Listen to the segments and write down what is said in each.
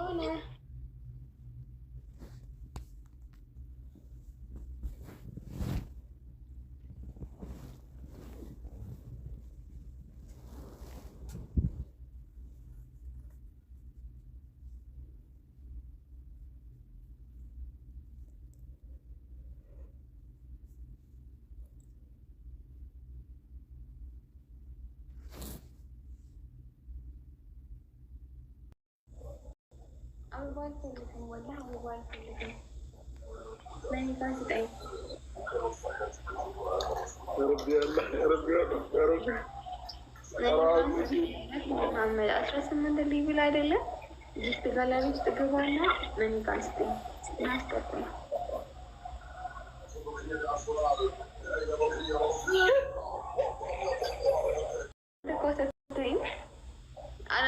Åh oh, nej. አስራ ስምንት ልዩ ላይ አይደለም ጊፍት ጋላሪ ውስጥ ገባና መኒካ ስጠኝ እናስቀጥል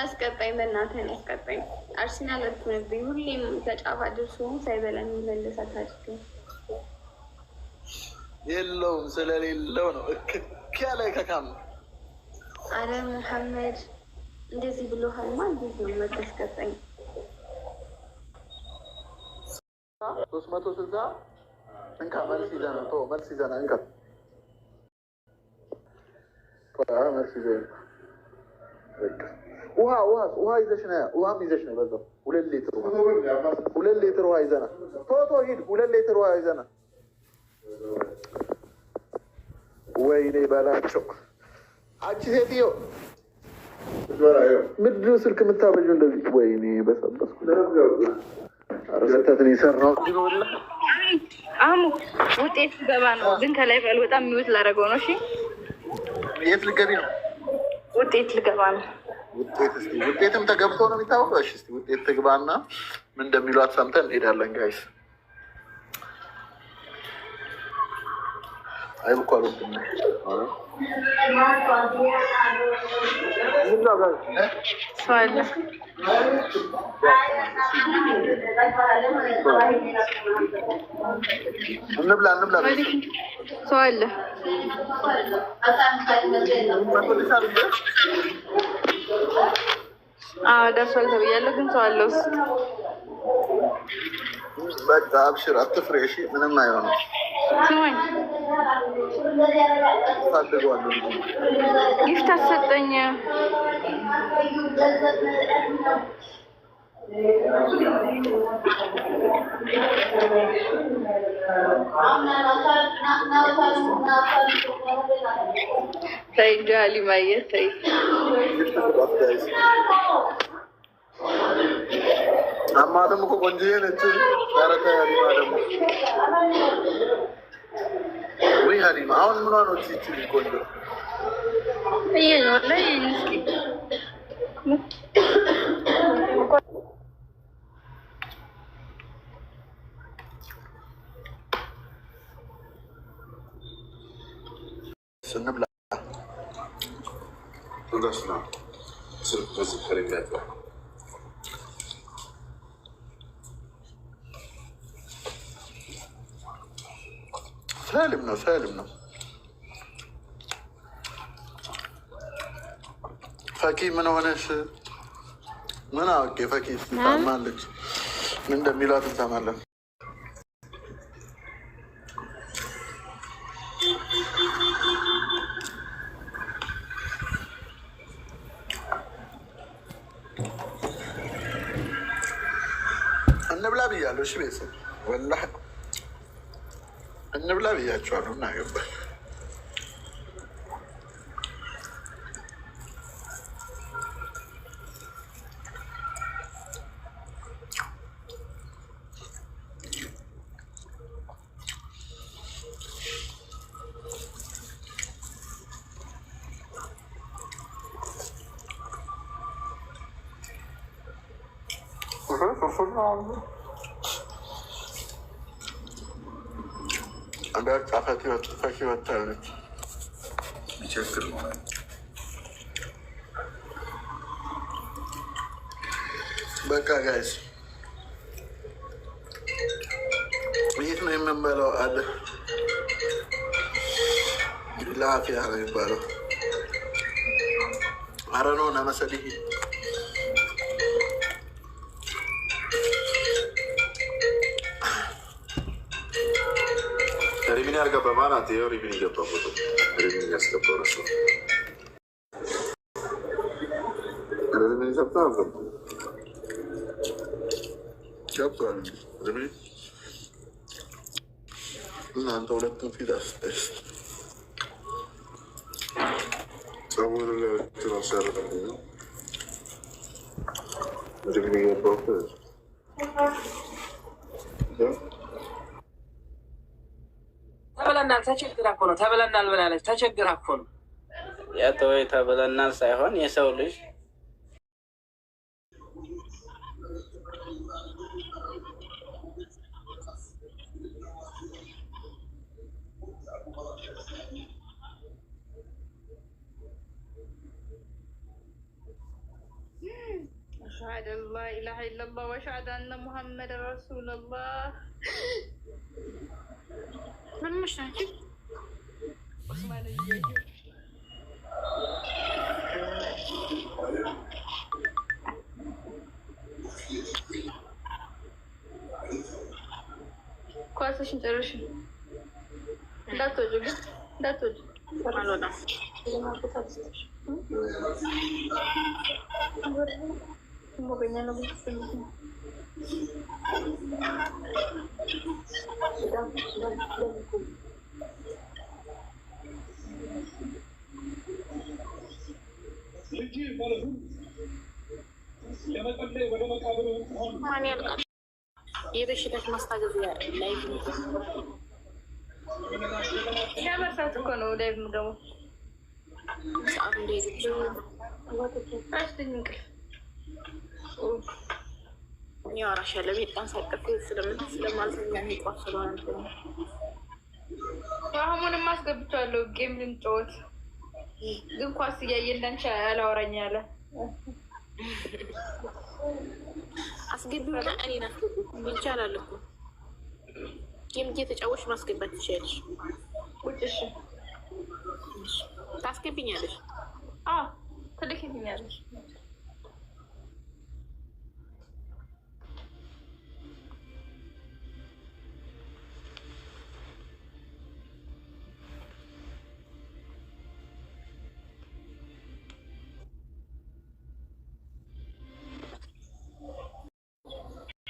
አላስቀጣኝ፣ በእናትህ አላስቀጣኝ። አርሰናል አትሆንብኝ። ሁሌም ተጫፋ ድርሱ ሳይበላኝ ይመለሳል። ታጭቶ የለውም ስለሌለው ነው እክክ ያለ ከካም አረ መሐመድ እንደዚህ ብሎ ብሎሃልማ፣ እንዴት ነው የምታስቀጣኝ? ሶስት መቶ ስልሳ እንካ መልስ ይዘና መልስ ይዘና እንካ መልስ ይዘህ ውሃ ውሃ ውሃ ይዘሽ ውሃም ይዘሽ በዛው ሁለት ሌትር ሁለት ሌትር ውሃ ቶቶ ሂድ፣ ሁለት ሌትር ውሃ ወይኔ በላቸው። አንቺ ሴትዮ ስልክ የምታበጁ እንደዚህ? ወይኔ በሰበስኩ ርስተትን አሙ ውጤት ገባ ነው ግን ከላይ በል በጣም የሚውት ላደረገው ነው። እሺ የት ልገቢ ነው ውጤት ልገባ ነው። ውጤት ውጤትም ተገብቶ ነው የሚታወቀው። ውጤት ትግባና ምን እንደሚሏት ሰምተን እንሄዳለን ጋይስ። ሰው አለ። ደርሷል ተብያለሁ፣ ግን ሰው አለ ውስጥ በቃ አብሽር፣ አትፍሪ። እሺ ምንም አይሆንም። ስማኝ ጊፍት አሰጠኝ። ተይ እንጂ ሀሊማዬ ተይ። አማንም እኮ ቆንጆዬ ነች። ኧረ ተይ ሀሊማ ደግሞ ወይ ሀሊማ አሁን ምኗ ነው ቺቺ ቆንጆ سالمنا سالمنا فاكي من وناش من اوكي فاكي استعمالك من دمي لا تستعمالك انا بلا بيا لو شبيسه ولا حد እንብላ ብያቸዋለሁ። እና ይባል Hı hı, susurlu አንዳንድ ጣፋት ይወጥፋሽ ይወጣለች ይቸግር ነው በቃ ጋይስ ይህ ነው የምንበለው አለ ላፊያ ነው የሚባለው አረኖ ነመሰልህ አራት ሪብን ይገባ ፎቶ ሪብን ያስገባ ረሱ እናንተ ሁለቱም ፊት አስጠሽ ጸጉር ለሁለቱ ነው ሰራ ሪብን ይገባ ተበልተናል። ተቸግራ እኮ ነው ተብለናል ብላለች። ተቸግራ እኮ ነው ወይ ተብለናል ሳይሆን የሰው ልጅ አሽሀዱ አን ላ ኢላሀ ኢለላህ ወአሽሀዱ አነ ሙሐመድ ረሱሉላህ Bana mı şarkı? Bana yiyecek. Quase é a gente era é. Dá tudo, viu? Dá tudo. Alô, dá. Agora, vou ganhar, ልጅ ማለት ለመጠለይ የበሽታች ማስታገዚያ ላይፍ ለመርሳት እኮ ነው። ላይፍ ደግሞ ሰዓት እንደሄደች ያወራሽ ያለ ቤት ጠንሳቀፍ ስለማልተኛ ስለሆነ አሁንም አስገብቻለሁ። ጌም ልንጫወት ግን ኳስ እያየ እንዳንቺ አላወራኝ ያለ አስገቢውና ይቻላል እኮ ጌም ማስገባት ትችያለሽ። ቁጭሽ ታስገብኛለሽ፣